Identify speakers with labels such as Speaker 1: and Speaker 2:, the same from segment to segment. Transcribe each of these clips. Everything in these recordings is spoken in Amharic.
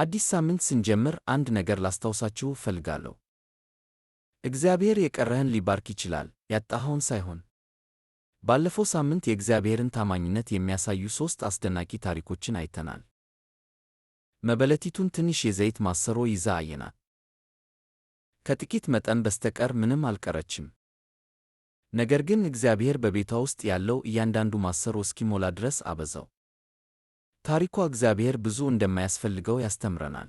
Speaker 1: አዲስ ሳምንት ስንጀምር አንድ ነገር ላስታውሳችሁ እፈልጋለሁ። እግዚአብሔር የቀረህን ሊባርክ ይችላል፣ ያጣኸውን ሳይሆን። ባለፈው ሳምንት የእግዚአብሔርን ታማኝነት የሚያሳዩ ሦስት አስደናቂ ታሪኮችን አይተናል። መበለቲቱን ትንሽ የዘይት ማሰሮ ይዛ አየናት። ከጥቂት መጠን በስተቀር ምንም አልቀረችም። ነገር ግን እግዚአብሔር በቤቷ ውስጥ ያለው እያንዳንዱ ማሰሮ እስኪሞላ ድረስ አበዛው። ታሪኳ እግዚአብሔር ብዙ እንደማያስፈልገው ያስተምረናል።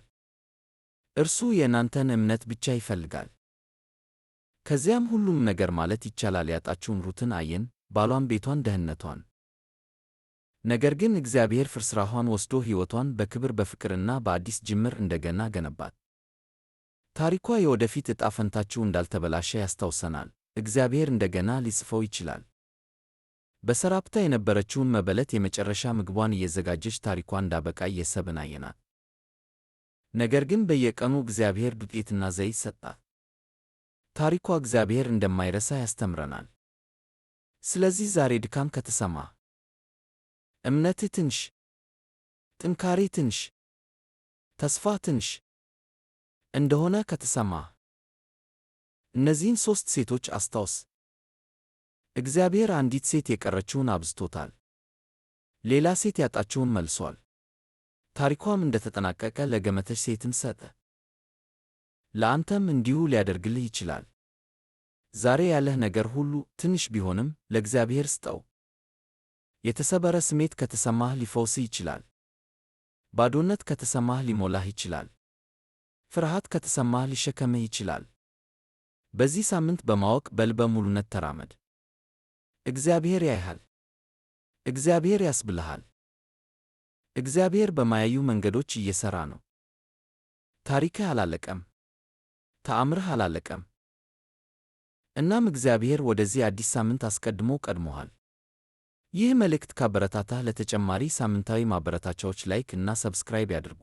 Speaker 1: እርሱ የእናንተን እምነት ብቻ ይፈልጋል። ከዚያም ሁሉም ነገር ማለት ይቻላል ያጣችውን ሩትን አየን፣ ባሏን፣ ቤቷን፣ ደህንነቷን። ነገር ግን እግዚአብሔር ፍርስራኋን ወስዶ ሕይወቷን በክብር በፍቅርና በአዲስ ጅምር እንደገና ገነባት። ታሪኳ የወደፊት ዕጣ ፈንታችሁ እንዳልተበላሸ ያስታውሰናል። እግዚአብሔር እንደገና ሊጽፈው ይችላል። በሰራፕታ የነበረችውን መበለት የመጨረሻ ምግቧን እየዘጋጀች ታሪኳ እንዳበቃ እየሰብን አየናት። ነገር ግን በየቀኑ እግዚአብሔር ዱቄትና ዘይት ሰጣት። ታሪኳ እግዚአብሔር እንደማይረሳ ያስተምረናል። ስለዚህ ዛሬ ድካም ከተሰማ፣ እምነትህ ትንሽ፣ ጥንካሬ ትንሽ፣ ተስፋ ትንሽ እንደሆነ ከተሰማ እነዚህን ሦስት ሴቶች አስታውስ። እግዚአብሔር አንዲት ሴት የቀረችውን አብዝቶታል፣ ሌላ ሴት ያጣችውን መልሷል። ታሪኳም እንደተጠናቀቀ ለገመተች ሴትን ሰጠ። ለአንተም እንዲሁ ሊያደርግልህ ይችላል። ዛሬ ያለህ ነገር ሁሉ ትንሽ ቢሆንም ለእግዚአብሔር ስጠው። የተሰበረ ስሜት ከተሰማህ ሊፈውስህ ይችላል። ባዶነት ከተሰማህ ሊሞላህ ይችላል። ፍርሃት ከተሰማህ ሊሸከምህ ይችላል። በዚህ ሳምንት በማወቅ በልበ ሙሉነት ተራመድ። እግዚአብሔር ያይሃል። እግዚአብሔር ያስብልሃል። እግዚአብሔር በማያዩ መንገዶች እየሠራ ነው። ታሪክህ አላለቀም። ተአምርህ አላለቀም። እናም እግዚአብሔር ወደዚህ አዲስ ሳምንት አስቀድሞ ቀድሞሃል። ይህ መልእክት ካበረታታህ ለተጨማሪ ሳምንታዊ ማበረታቻዎች ላይክ እና ሰብስክራይብ ያድርጉ።